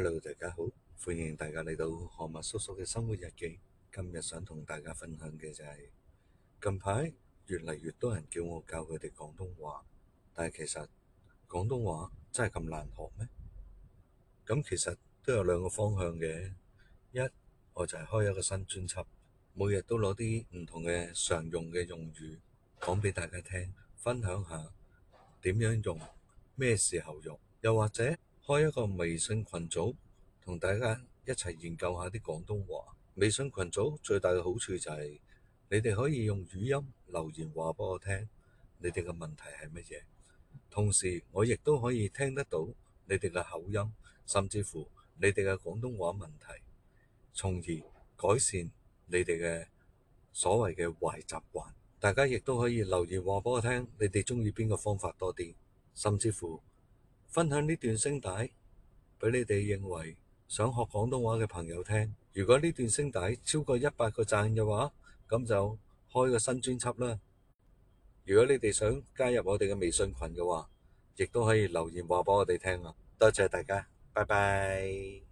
Hello，大家好，歡迎大家嚟到何物叔叔嘅生活日記。今日想同大家分享嘅就係近排越嚟越多人叫我教佢哋廣東話，但係其實廣東話真係咁難學咩？咁其實都有兩個方向嘅，一，我就係開一個新專輯，每日都攞啲唔同嘅常用嘅用語講俾大家聽，分享下點樣用，咩時候用，又或者，開一個微信群組，同大家一齊研究下啲廣東話。微信群組最大嘅好處就係、是，你哋可以用語音留言話畀我聽，你哋嘅問題係乜嘢。同時，我亦都可以聽得到你哋嘅口音，甚至乎你哋嘅廣東話問題，從而改善你哋嘅所謂嘅壞習慣。大家亦都可以留言話畀我聽，你哋鍾意邊個方法多啲，甚至乎。分享呢段聲帶畀你哋認為想學廣東話嘅朋友聽。如果呢段聲帶超過一百個讚嘅話，咁就開個新專輯啦。如果你哋想加入我哋嘅微信群嘅話，亦都可以留言話畀我哋聽啊。多謝大家，拜拜。